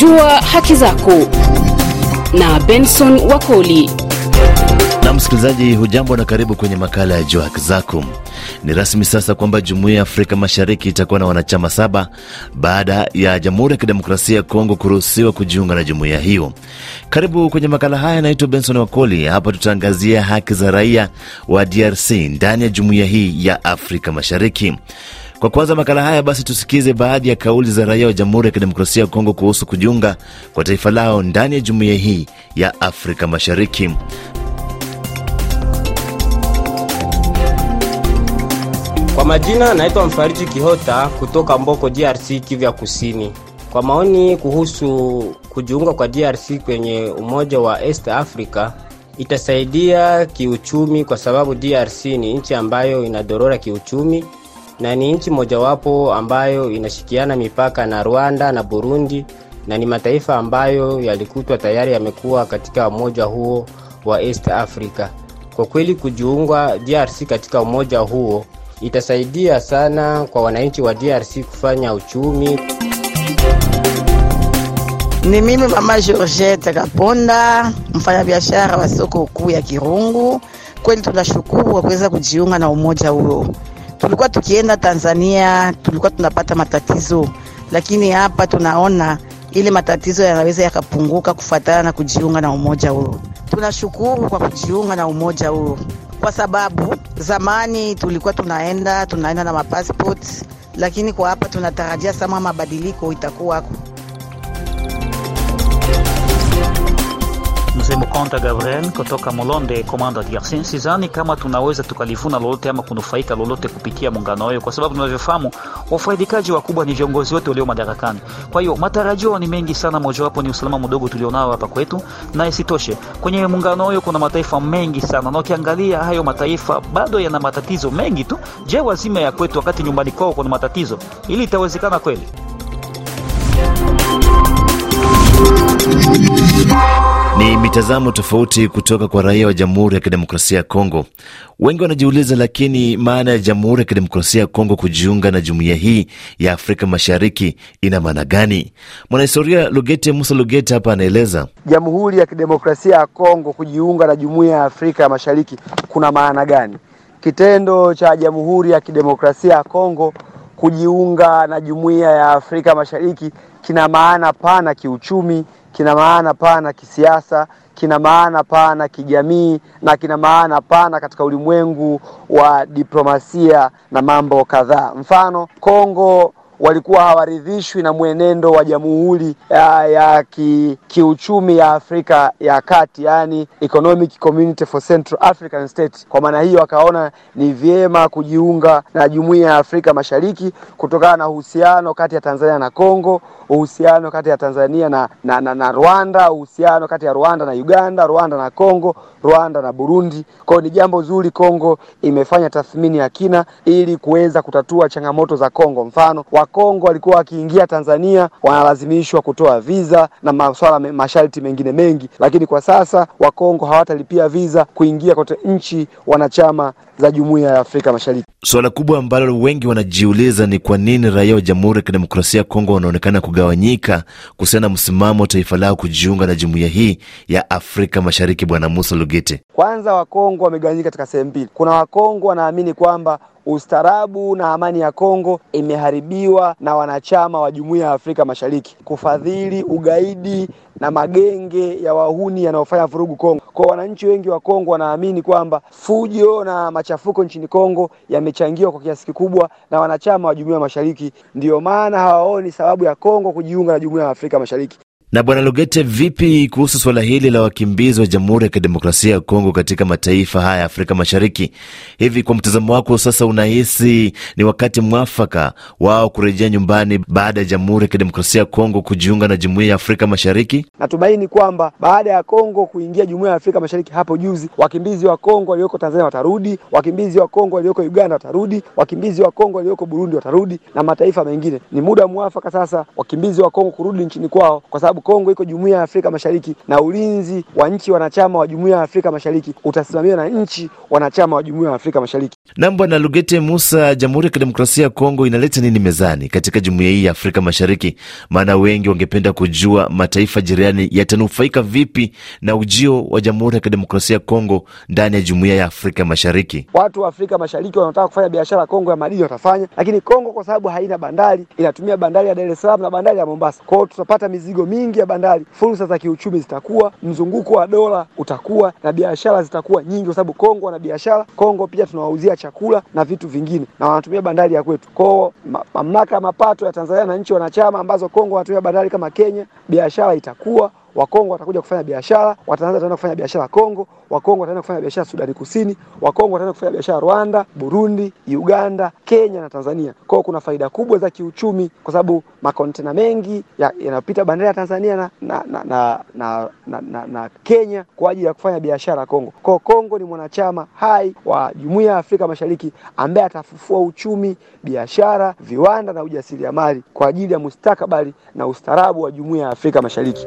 Jua haki zako na Benson Wakoli. Na msikilizaji, hujambo na karibu kwenye makala ya Jua Haki Zako. Ni rasmi sasa kwamba Jumuiya ya Afrika Mashariki itakuwa na wanachama saba baada ya Jamhuri ya Kidemokrasia ya Kongo kuruhusiwa kujiunga na jumuiya hiyo. Karibu kwenye makala haya, naitwa Benson Wakoli. Hapa tutaangazia haki za raia wa DRC ndani ya jumuiya hii ya Afrika Mashariki. Kwa kuanza makala haya, basi tusikize baadhi ya kauli za raia wa Jamhuri ya Kidemokrasia ya Kongo kuhusu kujiunga kwa taifa lao ndani ya jumuiya hii ya Afrika Mashariki. Kwa majina naitwa Mfariji Kihota kutoka Mboko, DRC, Kivya Kusini. Kwa maoni kuhusu kujiunga kwa DRC kwenye umoja wa East Africa, itasaidia kiuchumi, kwa sababu DRC ni nchi ambayo inadorora kiuchumi, na ni nchi mojawapo ambayo inashikiana mipaka na Rwanda na Burundi na ni mataifa ambayo yalikutwa tayari yamekuwa katika umoja huo wa East Africa. Kwa kweli kujiunga DRC katika umoja huo itasaidia sana kwa wananchi wa DRC kufanya uchumi. Ni mimi mama Georgette Kaponda, mfanyabiashara wa soko kuu ya Kirungu. Kweli tunashukuru kwa kuweza kujiunga na umoja huo. Tulikuwa tukienda Tanzania, tulikuwa tunapata matatizo, lakini hapa tunaona ile matatizo yanaweza yakapunguka kufuatana na kujiunga na umoja huo. Tunashukuru kwa kujiunga na umoja huo, kwa sababu zamani tulikuwa tunaenda tunaenda na mapassport, lakini kwa hapa tunatarajia sama mabadiliko itakuwako. mzee mkonta Gabriel kutoka Molonde ya DRC. sizani kama tunaweza tukalivuna lolote ama kunufaika lolote kupitia muungano huyo, kwa sababu tunavyofahamu wafaidikaji wakubwa ni viongozi wote walio madarakani. Kwa hiyo matarajio ni mengi sana, mojawapo ni usalama mdogo tulionao hapa kwetu, na isitoshe kwenye muungano huyo kuna mataifa mengi sana, na ukiangalia hayo mataifa bado yana matatizo mengi tu. Je, wazima ya kwetu wakati nyumbani kwao kuna matatizo? Ili itawezekana kweli? Ni mitazamo tofauti kutoka kwa raia wa Jamhuri ya Kidemokrasia ya Kongo. Wengi wanajiuliza, lakini maana ya Jamhuri ya Kidemokrasia ya Kongo kujiunga na jumuiya hii ya Afrika Mashariki ina maana gani? Mwanahistoria Lugete Musa Lugete hapa anaeleza. Jamhuri ya Kidemokrasia ya Kongo kujiunga na jumuiya ya Afrika ya Mashariki kuna maana gani? Kitendo cha Jamhuri ya Kidemokrasia ya Kongo kujiunga na jumuiya ya Afrika Mashariki kina maana pana kiuchumi, kina maana pana kisiasa, kina maana pana kijamii na kina maana pana katika ulimwengu wa diplomasia na mambo kadhaa. Mfano Kongo walikuwa hawaridhishwi na mwenendo wa jamhuri ya, ya ki, kiuchumi ya Afrika ya Kati, yani Economic Community for Central African State. Kwa maana hiyo wakaona ni vyema kujiunga na jumuiya ya Afrika Mashariki kutokana na uhusiano kati ya Tanzania na Kongo, uhusiano kati ya Tanzania na, na, na, na Rwanda, uhusiano kati ya Rwanda na Uganda, Rwanda na Kongo, Rwanda na Burundi. Kwa hiyo ni jambo zuri, Kongo imefanya tathmini ya kina ili kuweza kutatua changamoto za Kongo, mfano wa Kongo walikuwa wakiingia Tanzania wanalazimishwa kutoa viza na masuala masharti mengine mengi, lakini kwa sasa Wakongo hawatalipia viza kuingia kote nchi wanachama za Jumuiya ya Afrika Mashariki. Suala kubwa ambalo wengi wanajiuliza ni kwa nini raia wa Jamhuri ya Kidemokrasia ya Kongo wanaonekana kugawanyika kuhusiana na msimamo wa taifa lao kujiunga na jumuiya hii ya Afrika Mashariki. Bwana Musa Lugete: kwanza Wakongo wamegawanyika katika sehemu mbili. Kuna Wakongo wanaamini kwamba ustarabu na amani ya Kongo imeharibiwa na wanachama wa Jumuiya ya Afrika Mashariki kufadhili ugaidi na magenge ya wahuni yanayofanya vurugu Kongo. Kwa wananchi wengi wa Kongo wanaamini kwamba fujo na machafuko nchini Kongo yamechangiwa kwa kiasi kikubwa na wanachama wa Jumuiya ya Mashariki, ndiyo maana hawaoni sababu ya Kongo kujiunga na Jumuiya ya Afrika Mashariki. Na Bwana Lugete, vipi kuhusu suala hili la wakimbizi wa Jamhuri ya Kidemokrasia ya Kongo katika mataifa haya ya Afrika Mashariki? Hivi kwa mtazamo wako sasa, unahisi ni wakati mwafaka wao kurejea nyumbani baada ya Jamhuri ya Kidemokrasia ya Kongo kujiunga na Jumuiya ya Afrika Mashariki? Natumaini kwamba baada ya Kongo kuingia Jumuiya ya Afrika Mashariki hapo juzi, wakimbizi wa Kongo walioko Tanzania watarudi, wakimbizi wa Kongo walioko Uganda watarudi, wakimbizi wa Kongo walioko Burundi watarudi na mataifa mengine. Ni muda mwafaka sasa wakimbizi wa Kongo kurudi nchini kwao kwa sababu sababu Kongo iko Jumuiya ya Afrika Mashariki na ulinzi wa nchi wanachama wa Jumuiya ya Afrika Mashariki utasimamiwa na nchi wanachama wa Jumuiya ya Afrika Mashariki. Na Bwana Lugete Musa, Jamhuri ya Kidemokrasia ya Kongo inaleta nini mezani katika jumuiya hii ya Afrika Mashariki? Maana wengi wangependa kujua mataifa jirani yatanufaika vipi na ujio wa Jamhuri ya Kidemokrasia ya Kongo ndani ya Jumuiya ya Afrika Mashariki. Watu wa Afrika Mashariki wanaotaka kufanya biashara Kongo ya madini watafanya, lakini Kongo kwa sababu haina bandari, inatumia bandari ya Dar es Salaam na bandari ya Mombasa, kwao tutapata mizigo mingi nyingi ya bandari, fursa za kiuchumi zitakuwa, mzunguko wa dola utakuwa na biashara zitakuwa nyingi, kwa sababu Kongo wana biashara. Kongo pia tunawauzia chakula na vitu vingine, na wanatumia bandari ya kwetu. Kwao mamlaka ya mapato ya Tanzania na nchi wanachama ambazo Kongo wanatumia bandari kama Kenya, biashara itakuwa Wakongo watakuja kufanya biashara, Watanzania wataenda kufanya biashara Kongo, Wakongo wataenda kufanya biashara Sudani Kusini, Wakongo wataenda kufanya biashara Rwanda, Burundi, Uganda, Kenya na Tanzania. Kwao kuna faida kubwa za kiuchumi, kwa sababu makontena mengi yanapita ya bandari ya Tanzania na, na, na, na, na, na, na, na Kenya kwa ajili ya kufanya biashara Kongo. hiyo Kongo ni mwanachama hai wa Jumuiya ya Afrika Mashariki ambaye atafufua uchumi, biashara, viwanda na ujasiriamali kwa ajili ya mustakabali na ustarabu wa Jumuiya ya Afrika Mashariki.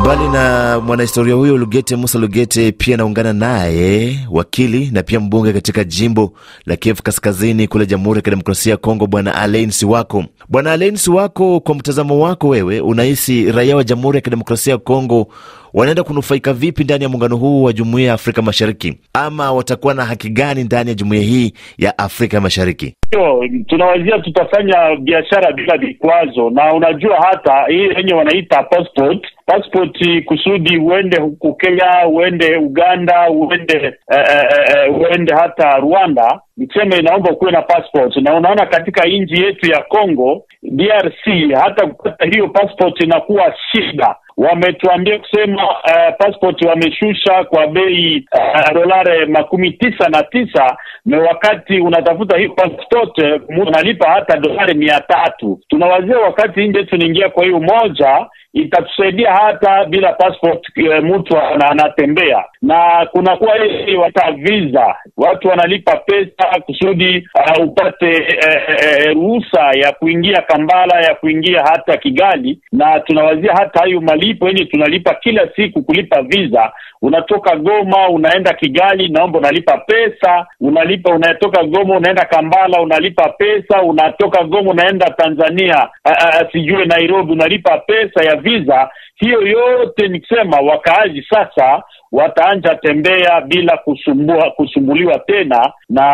Mbali na mwanahistoria huyo Lugete, Musa Lugete, pia anaungana naye wakili na pia mbunge katika jimbo la Kivu Kaskazini kule Jamhuri ya Kidemokrasia ya Kongo, Bwana Alain Siwako. Bwana Alain Siwako, kwa mtazamo wako wewe, unahisi raia wa Jamhuri ya Kidemokrasia ya Kongo wanaenda kunufaika vipi ndani ya muungano huu wa Jumuiya ya Afrika Mashariki, ama watakuwa na haki gani ndani ya jumuiya hii ya Afrika Mashariki? Yo, tunawazia tutafanya biashara bila vikwazo, na unajua hata hii yenye wanaita passport passport kusudi uende huku Kenya, uende Uganda, uende uh, uh, uende hata Rwanda, niseme inaomba kuwe na passport. Na unaona katika nchi yetu ya Kongo DRC hata kupata hiyo passport inakuwa shida. Wametuambia kusema uh, passport wameshusha kwa bei uh, dolare makumi tisa na tisa na wakati unatafuta hiyo passport eh, unalipa hata dolari mia tatu. Tunawazia wakati nje tunaingia kwa hiyo moja itatusaidia hata bila passport e, mtu anatembea na kunakuwa hii wata visa, watu wanalipa pesa kusudi uh, upate ruhusa e, e, ya kuingia kambala ya kuingia hata Kigali, na tunawazia hata hayo malipo yenye tunalipa kila siku kulipa visa. Unatoka Goma unaenda Kigali, naomba unalipa pesa, unalipa unatoka Goma unaenda Kambala unalipa pesa, unatoka Goma unaenda Tanzania sijue Nairobi unalipa pesa ya visa. Hiyo yote nikisema, wakaaji sasa wataanja tembea bila kusumbua kusumbuliwa tena, na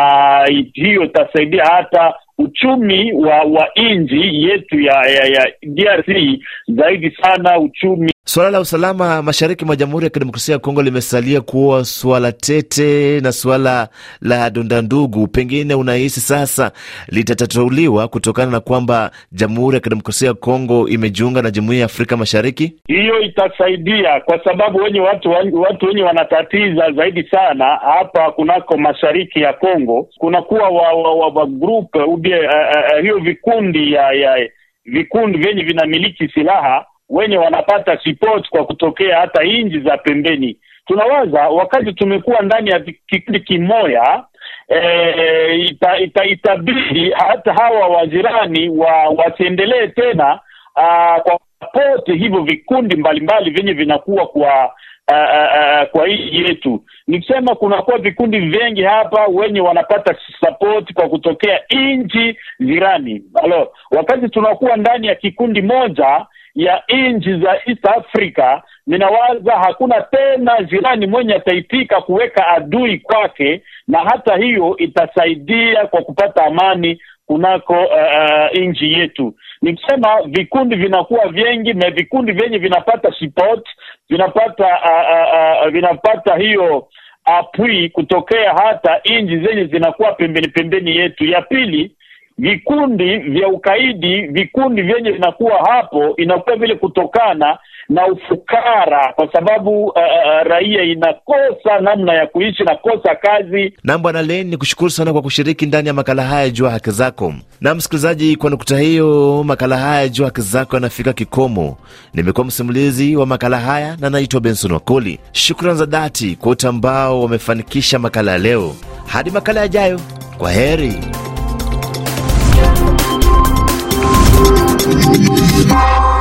hiyo itasaidia hata uchumi wa wa nchi yetu ya, ya, ya DRC zaidi sana uchumi Suala la usalama mashariki mwa Jamhuri ya Kidemokrasia ya Kongo limesalia kuwa suala tete na suala la dondandugu, pengine unahisi sasa litatatuliwa kutokana na kwamba Jamhuri ya Kidemokrasia ya Kongo imejiunga na Jumuiya ya Afrika Mashariki. Hiyo itasaidia kwa sababu wenye watu watu wenye wanatatiza zaidi sana hapa kunako mashariki ya Kongo kunakuwa wa, wa, wa, wa group ubie uh, eh, uh, eh, eh, hiyo vikundi ya, ya vikundi vyenye vinamiliki silaha wenye wanapata support kwa kutokea hata inji za pembeni. Tunawaza wakati tumekuwa ndani ya kikundi kimoya e, eh, ita, ita, itabidi hata hawa wajirani wa wasiendelee tena a, ah, kwa support hivyo vikundi mbalimbali vyenye vinakuwa kwa Uh, uh, uh, kwa hii yetu ni kusema kunakuwa vikundi vingi hapa wenye wanapata support kwa kutokea nchi jirani. wakati tunakuwa ndani ya kikundi moja ya nchi za East Africa, ninawaza hakuna tena jirani mwenye ataitika kuweka adui kwake, na hata hiyo itasaidia kwa kupata amani kunako uh, eh, eh, nchi yetu. Nikisema vikundi vinakuwa vingi na vikundi vyenye vinapata support vinapata uh, uh, uh, vinapata hiyo apui kutokea hata nchi zenye zinakuwa pembeni pembeni yetu. Ya pili vikundi vya ukaidi, vikundi vyenye vinakuwa hapo, inakuwa vile kutokana na ufukara, kwa sababu uh, uh, uh raia inakosa namna ya kuishi, nakosa kazi. Na Bwana Len, ni kushukuru sana kwa kushiriki ndani ya makala haya juu ya haki zako. Na msikilizaji, kwa nukta hiyo, makala haya Jua haki zako yanafika kikomo. Nimekuwa msimulizi wa makala haya na naitwa Benson Wakoli. Shukrani za dhati kwa wote ambao wamefanikisha makala ya leo. Hadi makala yajayo, kwa heri. Oh,